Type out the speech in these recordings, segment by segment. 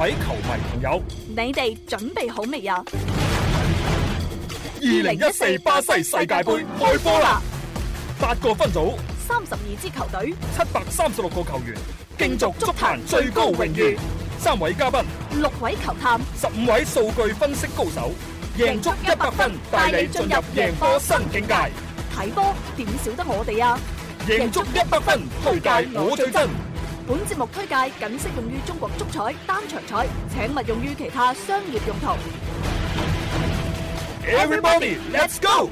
各位球迷朋友，你哋準備好未啊？二零一四巴西世界盃開波啦！八個分組，三十二支球隊，七百三十六個球員，競逐足壇最高榮譽。三位嘉賓，六位球探，十五位數據分析高手，贏足一百分，帶你進入贏波新境界。睇波點少得我哋啊！贏足一百分推介我最真。本節目推介僅適用於中國足彩單場彩，請勿用於其他商業用途。Everybody, let's go！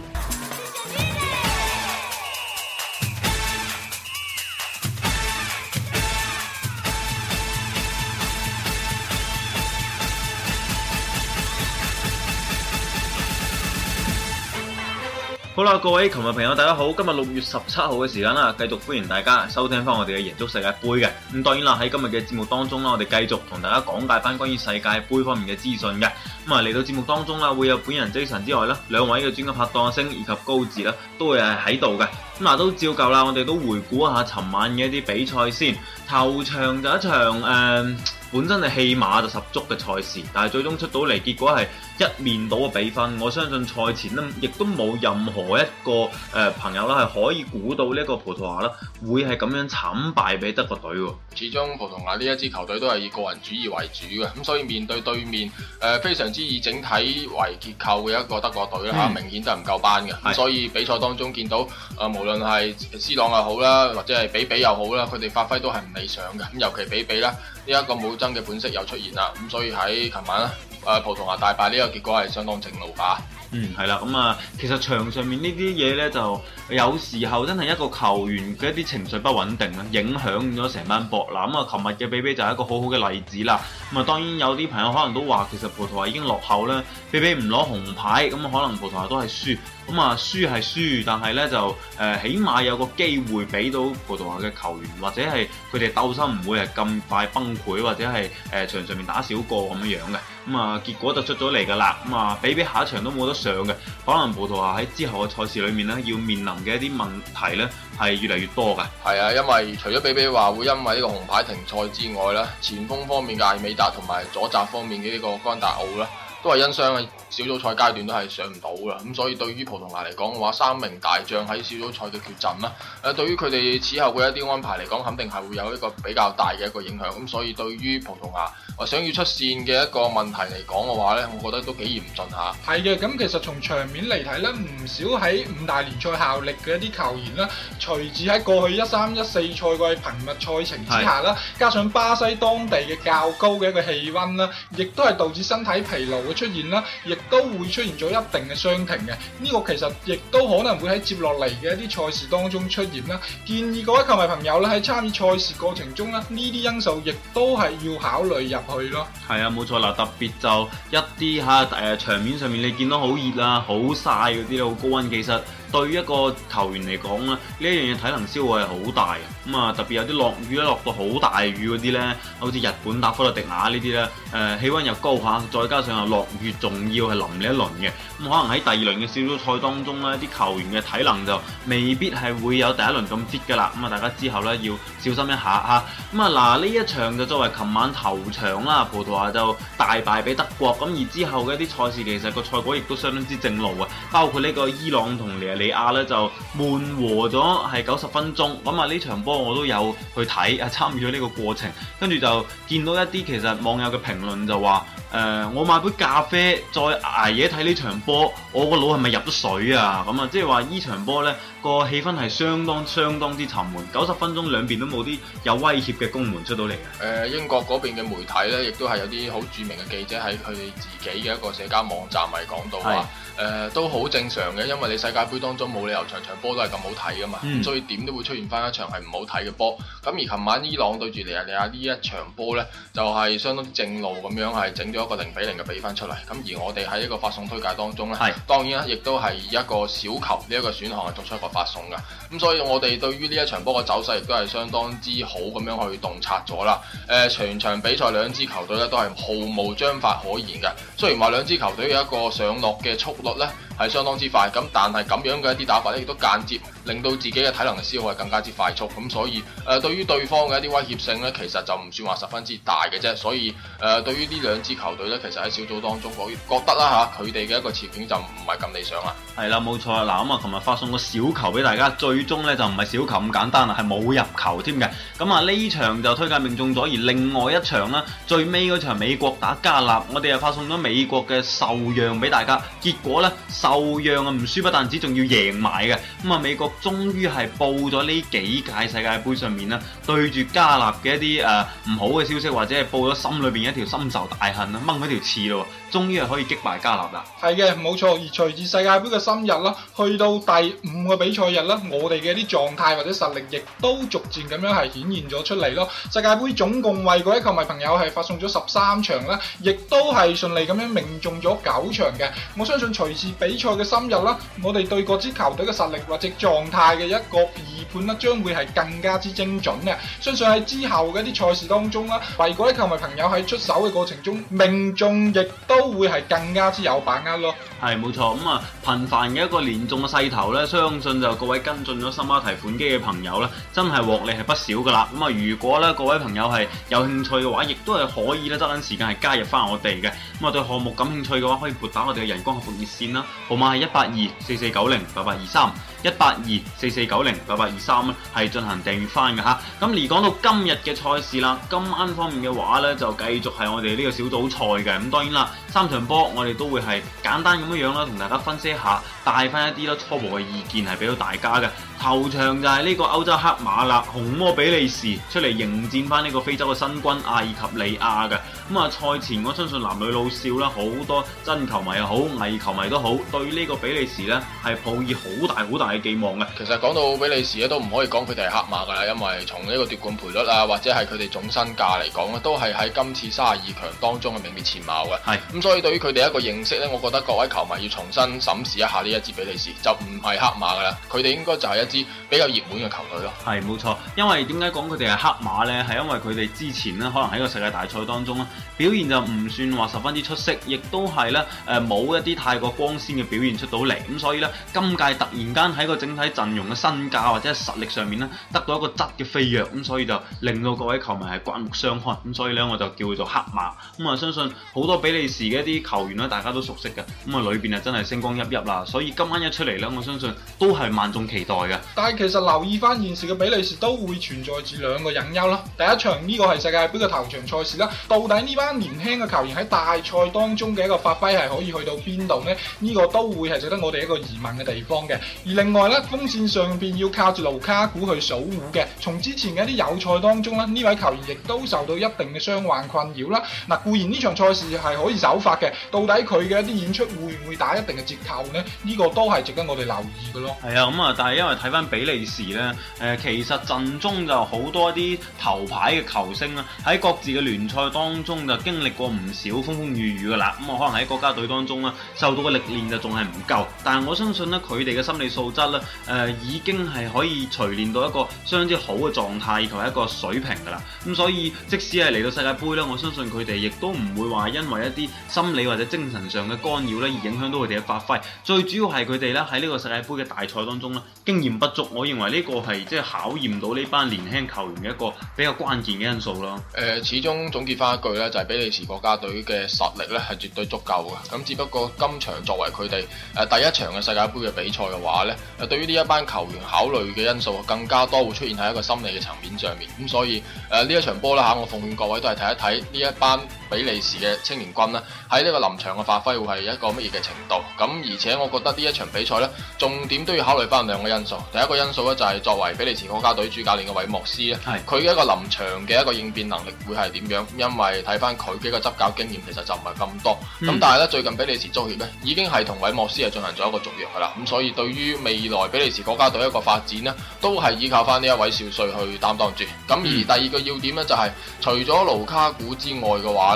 好啦，各位球迷朋友，大家好！今日六月十七號嘅時間啦，繼續歡迎大家收聽翻我哋嘅《贏足世界盃》嘅。咁當然啦，喺今日嘅節目當中啦，我哋繼續同大家講解翻關於世界盃方面嘅資訊嘅。咁啊，嚟到節目當中啦，會有本人 Jason 之外啦，兩位嘅專家拍檔星以及高哲啦，都係喺度嘅。咁啊，都照舊啦，我哋都回顧下尋晚嘅一啲比賽先。頭場就一場誒。呃本身係戲碼就十足嘅賽事，但係最終出到嚟結果係一面倒嘅比分。我相信賽前呢，亦都冇任何一個朋友啦，係可以估到呢個葡萄牙啦會係咁樣慘敗俾德國隊喎。始終葡萄牙呢一支球隊都係以個人主義為主嘅，咁所以面對對面誒，非常之以整體為結構嘅一個德國隊啦、嗯，明顯就唔夠班嘅。咁所以比賽當中見到誒，無論係 C 朗又好啦，或者係比比又好啦，佢哋發揮都係唔理想嘅。咁尤其比比啦。呢、這、一個冇爭嘅本色又出現啦，咁所以喺琴晚咧，誒、呃、葡萄牙大敗呢個結果係相當正路吧？嗯，係啦，咁、嗯、啊，其實場上面呢啲嘢咧，就有時候真係一個球員嘅一啲情緒不穩定咧，影響咗成班博覽啊。琴日嘅比比就係一個很好好嘅例子啦。咁、嗯、啊，當然有啲朋友可能都話，其實葡萄牙已經落後啦，比比唔攞紅牌，咁、嗯、可能葡萄牙都係輸。咁、嗯、啊，輸係輸，但係咧就誒、呃、起碼有個機會俾到葡萄牙嘅球員，或者係佢哋鬥心唔會係咁快崩潰，或者係誒、呃、場上面打少個咁樣嘅。咁、嗯、啊、嗯，結果就出咗嚟㗎啦。咁、嗯、啊，比比下一場都冇得上嘅，可能葡萄牙喺之後嘅賽事裏面咧，要面臨嘅一啲問題咧，係越嚟越多㗎。係啊，因為除咗比比話會因為呢個紅牌停賽之外咧，前鋒方面嘅艾美達同埋左閘方面嘅呢個甘達奧呢。因係因傷嘅小組賽階段都係上唔到噶，咁所以對於葡萄牙嚟講嘅話，三名大將喺小組賽嘅缺陣啦，誒對於佢哋此後嘅一啲安排嚟講，肯定係會有一個比較大嘅一個影響。咁所以對於葡萄牙，我想要出線嘅一個問題嚟講嘅話呢，我覺得都幾嚴峻下。係嘅，咁其實從場面嚟睇呢，唔少喺五大聯賽效力嘅一啲球員啦，隨住喺過去一三一四賽季頻密賽程之下啦，加上巴西當地嘅較高嘅一個氣温啦，亦都係導致身體疲勞的。出現啦，亦都會出現咗一定嘅傷停嘅，呢、這個其實亦都可能會喺接落嚟嘅一啲賽事當中出現啦。建議各位球迷朋友咧，喺參與賽事過程中咧，呢啲因素亦都係要考慮入去咯。係啊，冇錯嗱、呃，特別就一啲吓誒，場面上面你見到好熱啊，好曬嗰啲，好高温，其實。對於一個球員嚟講咧，呢一樣嘢體能消耗係好大嘅。咁啊，特別有啲落雨一落到好大雨嗰啲咧，好似日本打科羅迪亞呢啲咧，誒氣温又高嚇，再加上又落雨輪，仲要係淋呢一輪嘅。咁可能喺第二輪嘅小組賽當中咧，啲球員嘅體能就未必係會有第一輪咁 fit 噶啦。咁啊，大家之後呢要小心一下嚇。咁啊，嗱呢一場就作為琴晚頭場啦，葡萄牙就大敗俾德國。咁而之後嘅一啲賽事其實個賽果亦都相當之正路啊。包括呢個伊朗同利亞咧就緩和咗係九十分鐘，咁啊呢場波我都有去睇啊，參與咗呢個過程，跟住就見到一啲其實網友嘅評論就話，呃：我買杯咖啡再捱夜睇呢場波，我個腦係咪入咗水啊？咁啊，即係話呢場波呢。個氣氛係相當相當之沉悶，九十分鐘兩邊都冇啲有，有威脅嘅攻門出到嚟。誒英國嗰邊嘅媒體咧，亦都係有啲好著名嘅記者喺佢自己嘅一個社交網站係講到話，誒、呃、都好正常嘅，因為你世界盃當中冇理由場場波都係咁好睇噶嘛，嗯，所以點都會出現翻一場係唔好睇嘅波。咁而琴晚伊朗對住尼日利亞呢一場波咧，就係、是、相當正路咁樣係整咗一個零比零嘅比分出嚟。咁而我哋喺一個發送推介當中咧，當然啦，亦都係一個小球呢一、這個選項係作出一個。發送嘅咁所以我哋對於呢一場波嘅走勢亦都係相當之好咁樣去洞察咗啦。誒、呃，全場比賽兩支球隊咧都係毫無章法可言嘅，雖然話兩支球隊有一個上落嘅速率呢。係相當之快咁，但係咁樣嘅一啲打法咧，亦都間接令到自己嘅體能嘅消耗係更加之快速咁，所以誒對於對方嘅一啲威脅性咧，其實就唔算話十分之大嘅啫。所以誒對於呢兩支球隊咧，其實喺小組當中我覺得啦嚇，佢哋嘅一個前景就唔係咁理想啦。係啦，冇錯啦。嗱咁啊，琴日發送個小球俾大家，最終咧就唔係小球咁簡單啦，係冇入球添嘅。咁啊呢場就推介命中咗，而另外一場啦，最尾嗰場美國打加納，我哋又發送咗美國嘅受讓俾大家，結果咧，受讓啊，唔輸不單止，仲要贏埋嘅。咁啊，美國終於係報咗呢幾屆世界盃上面啦，對住加納嘅一啲呃、唔好嘅消息，或者係報咗心裏面一條深仇大恨啊，掹佢條刺咯。終於係可以擊敗加納啦！係嘅，冇錯。而隨住世界盃嘅深入啦，去到第五個比賽日啦，我哋嘅啲狀態或者實力亦都逐漸咁樣係顯現咗出嚟咯。世界盃總共為嗰啲球迷朋友係發送咗十三場啦，亦都係順利咁樣命中咗九場嘅。我相信隨住比賽嘅深入啦，我哋對各支球隊嘅實力或者狀態嘅一個預判呢將會係更加之精準嘅。相信喺之後嘅一啲賽事當中啦，為嗰啲球迷朋友喺出手嘅過程中命中亦都都會係更加之有把握咯。係冇錯，咁、嗯、啊頻繁嘅一個連眾嘅勢頭呢，相信就各位跟進咗深孖提款機嘅朋友呢，真係獲利係不少噶啦。咁、嗯、啊，如果呢各位朋友係有興趣嘅話，亦都係可以呢，揸緊時間係加入翻我哋嘅。咁、嗯、啊，對項目感興趣嘅話，可以撥打我哋嘅人工客服熱線啦，號碼係一八二四四九零八八二三。一八二四四九零八八二三咧，係進行訂閱翻嘅吓。咁而講到今日嘅賽事啦，今晚方面嘅話咧，就繼續係我哋呢個小組賽嘅。咁當然啦，三場波我哋都會係簡單咁樣樣啦，同大家分析一下，帶翻一啲啦初步嘅意見係俾到大家嘅。球場就係呢個歐洲黑馬啦，紅魔比利時出嚟迎戰翻呢個非洲嘅新軍阿爾及利亞嘅。咁啊，賽前我相信男女老少啦，好多真球迷又好，偽球迷都好，對呢個比利時呢係抱以好大好大嘅寄望嘅。其實講到比利時咧，都唔可以講佢哋係黑馬噶啦，因為從呢個奪冠賠率啊，或者係佢哋總身價嚟講呢，都係喺今次三十二強當中嘅名列前茅嘅。係咁，所以對於佢哋一個認識呢，我覺得各位球迷要重新審視一下呢一支比利時，就唔係黑馬噶啦，佢哋應該就係一支。比較熱門嘅球隊咯，啊，係冇錯，因為點解講佢哋係黑馬呢？係因為佢哋之前呢，可能喺個世界大賽當中咧，表現就唔算話十分之出色，亦都係呢誒冇一啲太過光鮮嘅表現出到嚟，咁所以呢，今屆突然間喺個整體陣容嘅身價或者實力上面呢，得到一個質嘅飛躍，咁所以就令到各位球迷係刮目相看，咁所以呢，我就叫佢做黑馬，咁我相信好多比利時嘅一啲球員呢，大家都熟悉嘅，咁啊裏邊啊真係星光熠熠啦，所以今晚一出嚟呢，我相信都係萬眾期待嘅。但係其實留意翻現時嘅比利時都會存在住兩個隱憂咯。第一場呢個係世界杯嘅頭場賽事啦，到底呢班年輕嘅球員喺大賽當中嘅一個發揮係可以去到邊度呢？呢個都會係值得我哋一個疑問嘅地方嘅。而另外呢，鋒線上邊要靠住盧卡古去守戶嘅，從之前嘅一啲友賽當中呢，呢位球員亦都受到一定嘅傷患困擾啦。嗱，固然呢場賽事係可以首發嘅，到底佢嘅一啲演出會唔會打一定嘅折扣呢？呢個都係值得我哋留意嘅咯。係啊，咁啊，但係因為。睇翻比利時咧，其實陣中就好多一啲頭牌嘅球星啦，喺各自嘅聯賽當中就經歷過唔少風風雨雨噶啦，咁我可能喺國家隊當中啦，受到嘅歷練就仲係唔夠，但我相信咧佢哋嘅心理素質咧，已經係可以錘鍊到一個相當之好嘅狀態同一個水平噶啦，咁所以即使係嚟到世界杯咧，我相信佢哋亦都唔會話因為一啲心理或者精神上嘅干擾咧而影響到佢哋嘅發揮，最主要係佢哋咧喺呢個世界杯嘅大賽當中咧經驗不足，我認為呢個係即係考驗到呢班年輕球員嘅一個比較關鍵嘅因素咯。誒、呃，始終總結翻一句咧，就係、是、比利時國家隊嘅實力咧係絕對足夠嘅。咁只不過今場作為佢哋誒第一場嘅世界杯嘅比賽嘅話咧，誒對於呢一班球員考慮嘅因素更加多會出現喺一個心理嘅層面上面。咁所以誒呢、呃、一場波啦吓，我奉勸各位都係睇一睇呢一班，比利時嘅青年軍咧，喺呢個臨場嘅發揮會係一個乜嘢嘅程度？咁而且我覺得呢一場比賽咧，重點都要考慮翻兩個因素。第一個因素咧就係、是、作為比利時國家隊主教練嘅韋莫斯咧，佢嘅一個臨場嘅一個應變能力會係點樣？因為睇翻佢嘅一個執教經驗其實就唔係咁多。咁、嗯、但係呢，最近比利時足協咧已經係同韋莫斯係進行咗一個續約㗎喇。咁所以對於未來比利時國家隊一個發展咧，都係依靠翻呢一位少帥去擔當住。咁而第二個要點呢，就係、是、除咗盧卡古之外嘅話，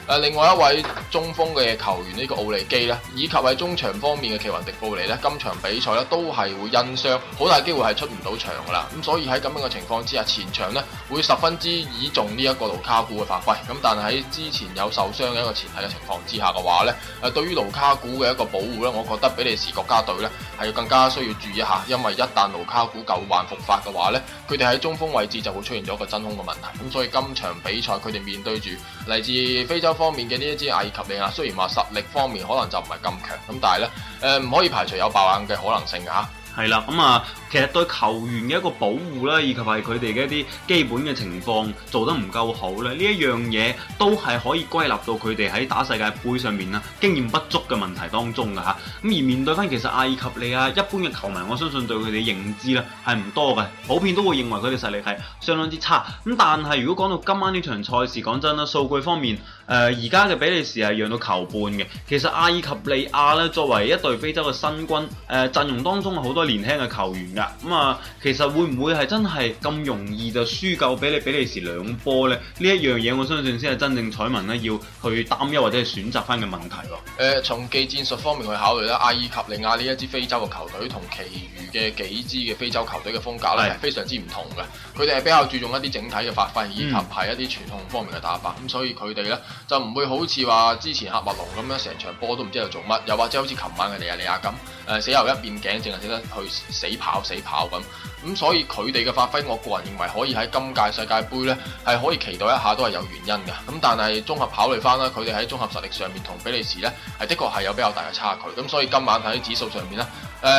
另外一位中鋒嘅球員呢個奧利基咧，以及喺中場方面嘅奇雲迪布尼咧，今場比賽咧都係會因傷好大機會係出唔到場噶啦。咁所以喺咁樣嘅情況之下，前場咧會十分之倚重呢一個盧卡古嘅發揮，咁但係喺之前有受傷嘅一個前提嘅情況之下嘅話咧，誒對於盧卡古嘅一個保護咧，我覺得比利時國家隊咧係要更加需要注意一下，因為一旦盧卡古舊患復發嘅話咧，佢哋喺中鋒位置就會出現咗一個真空嘅問題，咁所以今場比賽佢哋面對住嚟自非洲。方面嘅呢一支阿爾及利亞，雖然話實力方面可能就唔係咁強，咁但係咧，誒、呃、唔可以排除有爆冷嘅可能性吓。係啦，咁啊。其實對球員嘅一個保護啦，以及係佢哋嘅一啲基本嘅情況做得唔夠好咧，呢一樣嘢都係可以歸納到佢哋喺打世界杯上面啦，經驗不足嘅問題當中噶吓。咁而面對翻，其實阿爾及利亞一般嘅球迷，我相信對佢哋認知咧係唔多嘅，普遍都會認為佢哋實力係相當之差。咁但係如果講到今晚呢場賽事，講真啦，數據方面誒而家嘅比利時係讓到球半嘅。其實阿爾及利亞咧作為一隊非洲嘅新軍，誒、呃、陣容當中係好多年輕嘅球員咁啊，其實會唔會係真係咁容易就輸夠俾你比利時兩波呢？呢一樣嘢，我相信先係真正彩民咧要去擔憂或者係選擇翻嘅問題喎。誒，從技戰術方面去考慮咧，阿爾及利亞呢一支非洲嘅球隊同其餘嘅幾支嘅非洲球隊嘅風格咧係非常之唔同嘅。佢哋係比較注重一啲整體嘅發揮，以及係一啲傳統方面嘅打法。咁、嗯、所以佢哋咧就唔會好似話之前喀麥隆咁樣成場波都唔知道做乜，又或者好似琴晚嘅利雅利亞咁誒、呃、死牛一邊頸，淨係識得去死跑。死跑咁，咁所以佢哋嘅發揮，我個人認為可以喺今屆世界杯咧，係可以期待一下，都係有原因嘅。咁但係綜合考慮翻啦，佢哋喺綜合實力上面同比利時咧，係的確係有比較大嘅差距。咁所以今晚喺指數上面咧，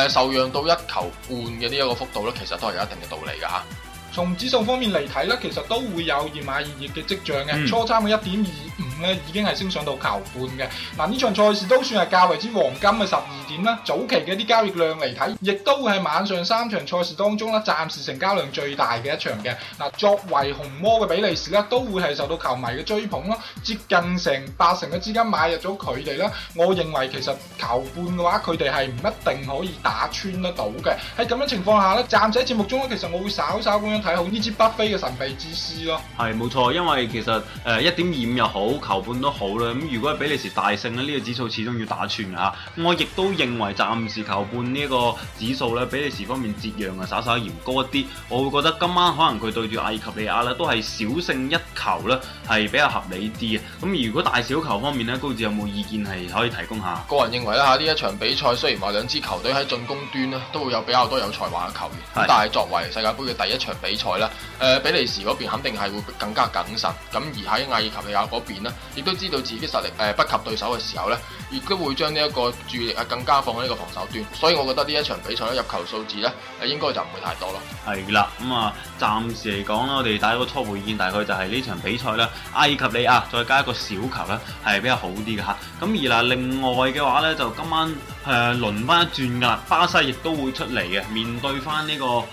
誒受讓到一球半嘅呢一個幅度咧，其實都係有一定嘅道理嘅吓。從指數方面嚟睇咧，其實都會有熱馬熱熱嘅跡象嘅，初參嘅一點二五。已經係升上到球半嘅，嗱，呢場賽事都算係較為之黃金嘅十二點啦。早期嘅啲交易量嚟睇，亦都會係晚上三場賽事當中咧，暫時成交量最大嘅一場嘅。嗱，作為紅魔嘅比利時咧，都會係受到球迷嘅追捧咯。接近成八成嘅資金買入咗佢哋啦。我認為其實球半嘅話，佢哋係唔一定可以打穿得到嘅。喺咁樣情況下咧，暫時喺節目中咧，其實我會稍稍咁樣睇好呢支北非嘅神秘之師咯。係冇錯，因為其實誒一點二五又好球半都好啦。咁如果係比利時大勝呢，呢個指數始終要打穿吓。我亦都認為暫時球半呢個指數咧，比利時方面節量啊，稍稍嫌高一啲。我會覺得今晚可能佢對住阿爾及利亞呢都係小勝一球呢係比較合理啲。咁如果大小球方面呢，高子有冇意見係可以提供下？個人認為呢一場比賽雖然話兩支球隊喺進攻端都會有比較多有才華嘅球員，但係作為世界盃嘅第一場比賽，比利時嗰邊肯定係會更加謹慎。咁而喺阿爾及利亞嗰邊亦都知道自己實力誒不及對手嘅時候咧，亦都會將呢一個注意力啊更加放喺呢個防守端，所以我覺得呢一場比賽入球數字咧誒應該就唔會太多啦。係啦，咁、嗯、啊暫時嚟講啦，我哋打個初步意見，大概就係呢場比賽咧，阿爾、啊、及利亞再加一個小球呢係比較好啲嘅吓。咁而嗱另外嘅話呢，就今晚誒、呃、輪翻轉壓巴西，亦都會出嚟嘅，面對翻、這、呢個誒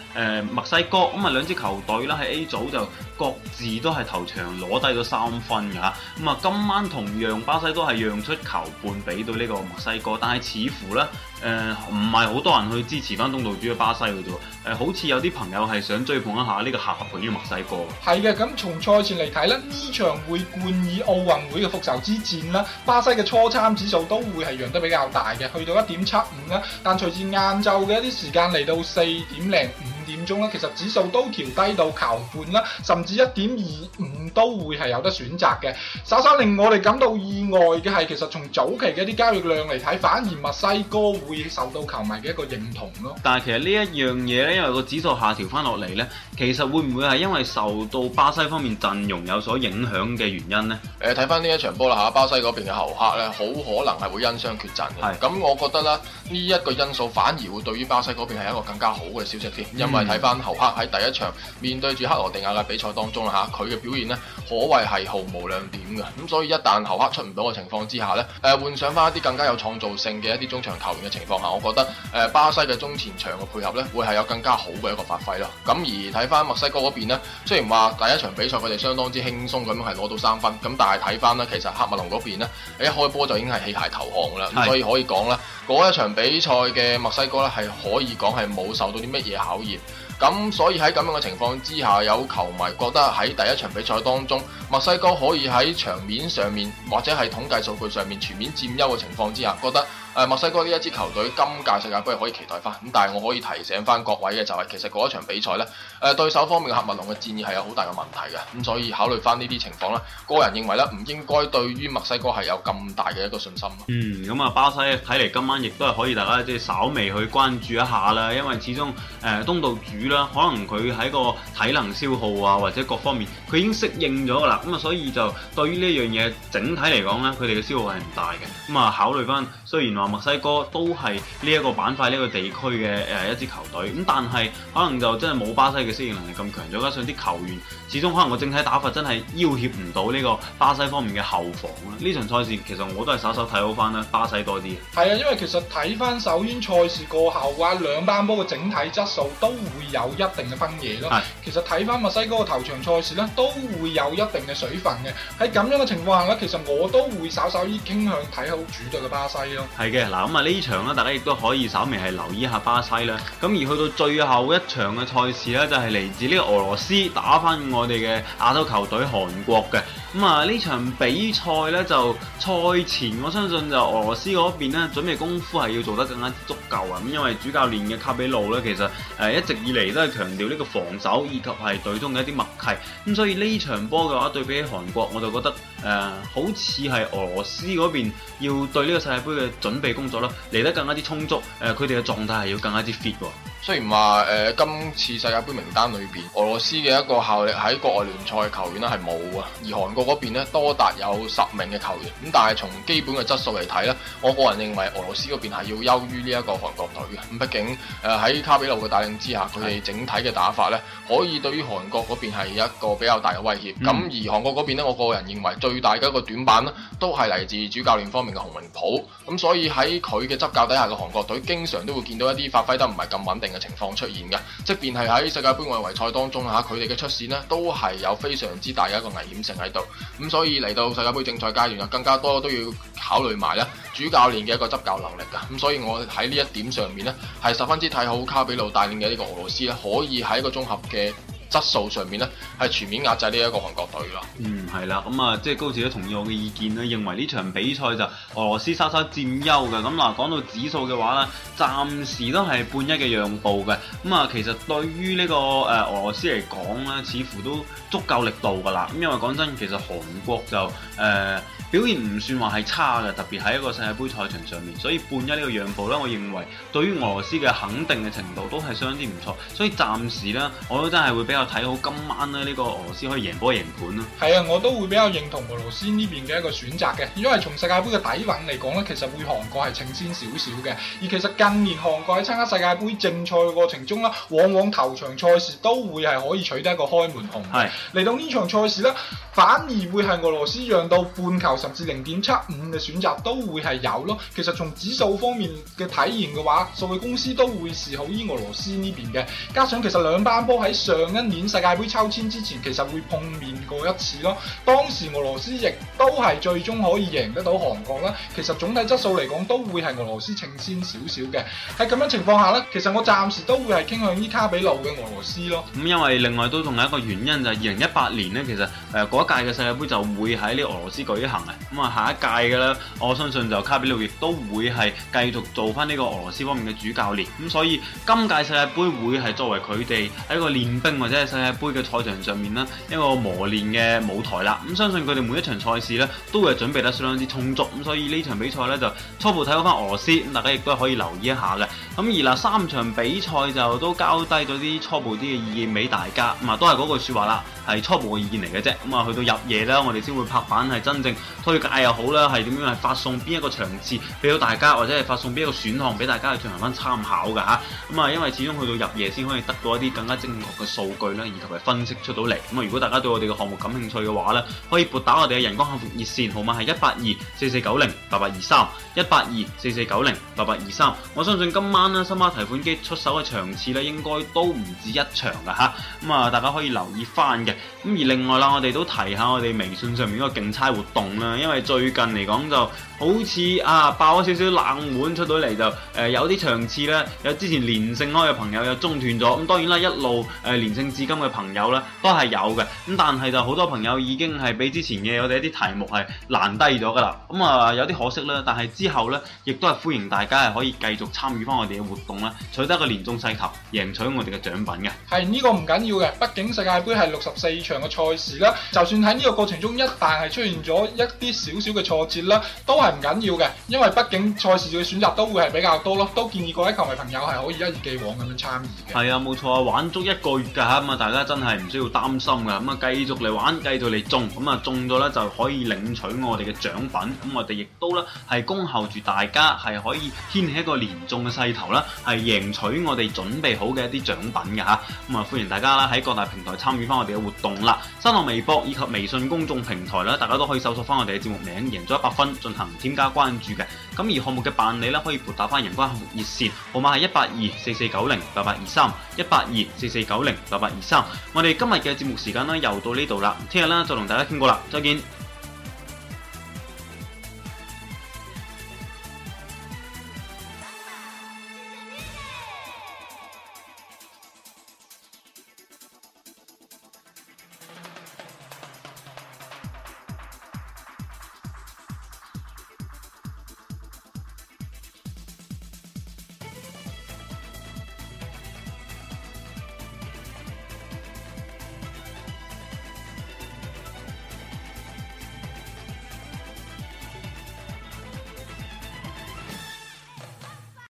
墨、呃、西哥，咁、嗯、啊兩支球隊啦喺 A 組就。各自都係頭場攞低咗三分嘅。咁啊今晚同樣，巴西都係讓出球半俾到呢個墨西哥，但係似乎咧唔係好多人去支持翻東道主嘅巴西嘅啫、呃、好似有啲朋友係想追捧一下呢個客盤呢個墨西哥。係嘅，咁從賽前嚟睇咧，呢場會冠以奧運會嘅復仇之戰啦，巴西嘅初參指數都會係讓得比較大嘅，去到 1.75, 一點七五啦，但隨住晏晝嘅一啲時間嚟到四點零。點鐘咧，其實指數都調低到球半啦，甚至一點二五都會係有得選擇嘅。稍稍令我哋感到意外嘅係，其實從早期嘅啲交易量嚟睇，反而墨西哥會受到球迷嘅一個認同咯。但係其實呢一樣嘢咧，因為個指數下調翻落嚟咧，其實會唔會係因為受到巴西方面陣容有所影響嘅原因呢？誒，睇翻呢一場波啦嚇，巴西嗰邊嘅後客咧，好可能係會因傷缺陣嘅。係咁，我覺得啦，呢、這、一個因素反而會對於巴西嗰邊係一個更加好嘅消息添，因、嗯、為。睇翻侯克喺第一場面對住克羅地亞嘅比賽當中啦吓，佢嘅表現呢，可謂係毫無亮點嘅，咁所以一旦侯克出唔到嘅情況之下呢，誒換上翻一啲更加有創造性嘅一啲中場球員嘅情況下，我覺得巴西嘅中前場嘅配合呢，會係有更加好嘅一個發揮咯。咁而睇翻墨西哥嗰邊呢，雖然話第一場比賽佢哋相當之輕鬆咁樣係攞到三分，咁但係睇翻呢，其實喀麥隆嗰邊呢，一開波就已經係棄械投降啦，咁所以可以講呢，嗰一場比賽嘅墨西哥呢，係可以講係冇受到啲乜嘢考驗。咁所以喺咁樣嘅情況之下，有球迷覺得喺第一場比賽當中，墨西哥可以喺場面上面或者係統計數據上面全面佔優嘅情況之下，覺得。誒、啊、墨西哥呢一支球隊今屆世界盃可以期待翻，咁但係我可以提醒翻各位嘅就係、是、其實嗰一場比賽咧，誒、啊、對手方面嘅喀麥隆嘅戰意係有好大嘅問題嘅，咁所以考慮翻呢啲情況啦，個人認為咧唔應該對於墨西哥係有咁大嘅一個信心。嗯，咁啊巴西睇嚟今晚亦都係可以大家即係稍微去關注一下啦，因為始終誒、呃、東道主啦，可能佢喺個體能消耗啊或者各方面佢已經適應咗噶啦，咁啊所以就對於呢樣嘢整體嚟講咧，佢哋嘅消耗係唔大嘅，咁啊考慮翻。雖然話墨西哥都係呢一個板塊、呢個地區嘅誒一支球隊，咁但係可能就真係冇巴西嘅適應能力咁強，再加上啲球員始終可能我整體打法真係要挾唔到呢個巴西方面嘅後防啦。呢場賽事其實我都係稍稍睇好翻啦，巴西多啲。係啊，因為其實睇翻首圈賽事過後嘅話，兩班波嘅整體質素都會有一定嘅分野咯。係，其實睇翻墨西哥嘅頭場賽事呢，都會有一定嘅水分嘅。喺咁樣嘅情況下呢，其實我都會稍稍依傾向睇好主隊嘅巴西。係嘅嗱，咁啊呢場咧，大家亦都可以稍微係留意一下巴西啦。咁而去到最後一場嘅賽事咧，就係嚟自呢個俄羅斯打翻我哋嘅亞洲球隊韓國嘅。咁、嗯、啊！呢場比賽咧，就賽前我相信就俄羅斯嗰邊咧，準備功夫係要做得更加足夠啊。咁因為主教練嘅卡比路咧，其實、呃、一直以嚟都係強調呢個防守以及係隊中嘅一啲默契咁、嗯，所以呢場波嘅話對比起韓國，我就覺得誒、呃、好似係俄羅斯嗰邊要對呢個世界盃嘅準備工作啦、啊，嚟得更加之充足，佢哋嘅狀態係要更加之 fit 喎。雖然話誒、呃，今次世界盃名單裏邊，俄羅斯嘅一個效力喺國外聯賽嘅球員咧係冇啊，而韓國嗰邊咧多達有十名嘅球員，咁但係從基本嘅質素嚟睇呢，我個人認為俄羅斯嗰邊係要優於呢一個韓國隊嘅，咁畢竟誒喺、呃、卡比路嘅帶領之下，佢哋整體嘅打法呢可以對於韓國嗰邊係一個比較大嘅威脅。咁、嗯、而韓國嗰邊咧，我個人認為最大嘅一個短板咧都係嚟自主教練方面嘅洪明甫。咁所以喺佢嘅執教底下嘅韓國隊，經常都會見到一啲發揮得唔係咁穩定嘅情況出現嘅，即便係喺世界杯外圍賽當中嚇，佢哋嘅出線咧都係有非常之大嘅一個危險性喺度，咁所以嚟到世界杯正賽階段就更加多都要考慮埋咧主教練嘅一個執教能力噶，咁所以我喺呢一點上面呢，係十分之睇好卡比路帶領嘅呢個俄羅斯咧，可以喺一個綜合嘅。質素上面咧，係全面壓制呢一個韓國隊咯。嗯，係啦，咁、嗯、啊，即係高少都同意我嘅意見啦，認為呢場比賽就俄羅斯稍稍佔優嘅。咁、嗯、嗱，講到指數嘅話咧，暫時都係半一嘅讓步嘅。咁、嗯、啊，其實對於呢個誒俄羅斯嚟講咧，似乎都足夠力度噶啦。咁因為講真，其實韓國就誒。呃表現唔算話係差嘅，特別喺一個世界盃賽場上面，所以半一呢個讓步咧，我認為對於俄羅斯嘅肯定嘅程度都係相當之唔錯，所以暫時呢，我都真係會比較睇好今晚咧呢個俄羅斯可以贏波贏盤啦。係啊，我都會比較認同俄羅斯呢邊嘅一個選擇嘅，因為從世界盃嘅底蘊嚟講呢，其實會韓國係稱先少少嘅，而其實近年韓國喺參加世界盃正賽嘅過程中呢，往往頭場賽事都會係可以取得一個開門紅。係嚟到呢場賽事呢，反而會係俄羅斯讓到半球。甚至零點七五嘅選擇都會係有咯。其實從指數方面嘅體驗嘅話，數據公司都會係好於俄羅斯呢邊嘅。加上其實兩班波喺上一年世界盃抽籤之前，其實會碰面過一次咯。當時俄羅斯亦都係最終可以贏得到韓國啦。其實總體質素嚟講，都會係俄羅斯勝先少少嘅。喺咁樣情況下呢，其實我暫時都會係傾向於卡比路嘅俄羅斯咯。咁因為另外都仲有一個原因就係二零一八年呢，其實誒嗰一屆嘅世界盃就會喺呢俄羅斯舉行。咁啊，下一屆嘅咧，我相信就卡比路亦都會係繼續做翻呢個俄羅斯方面嘅主教練。咁所以今屆世界盃會係作為佢哋喺個練兵或者係世界盃嘅賽場上面啦，一個磨練嘅舞台啦。咁相信佢哋每一場賽事咧，都會準備得相當之充足。咁所以呢場比賽咧，就初步睇到翻俄羅斯，大家亦都可以留意一下嘅。咁而嗱三場比賽就都交低咗啲初步啲嘅意見俾大家。咁啊，都係嗰句說話啦，係初步嘅意見嚟嘅啫。咁啊，去到入夜啦，我哋先會拍板係真正推介又好啦，係點樣？係發送邊一個場次俾到大家，或者係發送邊一個選項俾大家去進行翻參考㗎嚇。咁啊，因為始終去到入夜先可以得到一啲更加精確嘅數據啦，以及係分析出到嚟。咁啊，如果大家對我哋嘅項目感興趣嘅話咧，可以撥打我哋嘅人工客服熱線號碼係一八二四四九零八八二三，一八二四四九零八八二三。我相信今晚呢，森馬提款機出手嘅場次咧，應該都唔止一場㗎嚇。咁啊，大家可以留意翻嘅。咁而另外啦，我哋都提一下我哋微信上面嗰個競猜活動啦。因為最近嚟講就。好似啊爆咗少少冷門出到嚟就誒有啲場次啦。有之前連勝開嘅朋友又中斷咗。咁、嗯、當然啦，一路誒、呃、連勝至今嘅朋友啦，都係有嘅。咁但係就好多朋友已經係比之前嘅我哋一啲題目係難低咗㗎啦。咁、嗯、啊、呃、有啲可惜啦，但係之後呢，亦都係歡迎大家係可以繼續參與翻我哋嘅活動啦，取得一個連中勢頭，贏取我哋嘅獎品嘅。是這係呢個唔緊要嘅，畢竟世界盃係六十四場嘅賽事啦。就算喺呢個過程中一旦係出現咗一啲少少嘅挫折啦，都係。唔緊要嘅，因為畢竟賽事嘅選擇都會係比較多咯，都建議各位球迷朋友係可以一如既往咁樣參與嘅。係啊，冇錯啊，玩足一個月㗎嚇咁啊，大家真係唔需要擔心㗎，咁啊繼續嚟玩，繼續嚟中，咁啊中咗咧就可以領取我哋嘅獎品，咁我哋亦都啦係恭候住大家係可以掀起一個連中嘅勢頭啦，係贏取我哋準備好嘅一啲獎品㗎嚇，咁啊歡迎大家啦喺各大平台參與翻我哋嘅活動啦，新浪微博以及微信公眾平台啦，大家都可以搜索翻我哋嘅節目名，贏咗一百分進行。添加關注嘅，咁而項目嘅辦理咧，可以撥打翻人關項目熱線號碼係一八二四四九零八八二三，一八二四四九零八八二三。我哋今日嘅節目時間呢，又到呢度啦，聽日咧再同大家傾過啦，再見。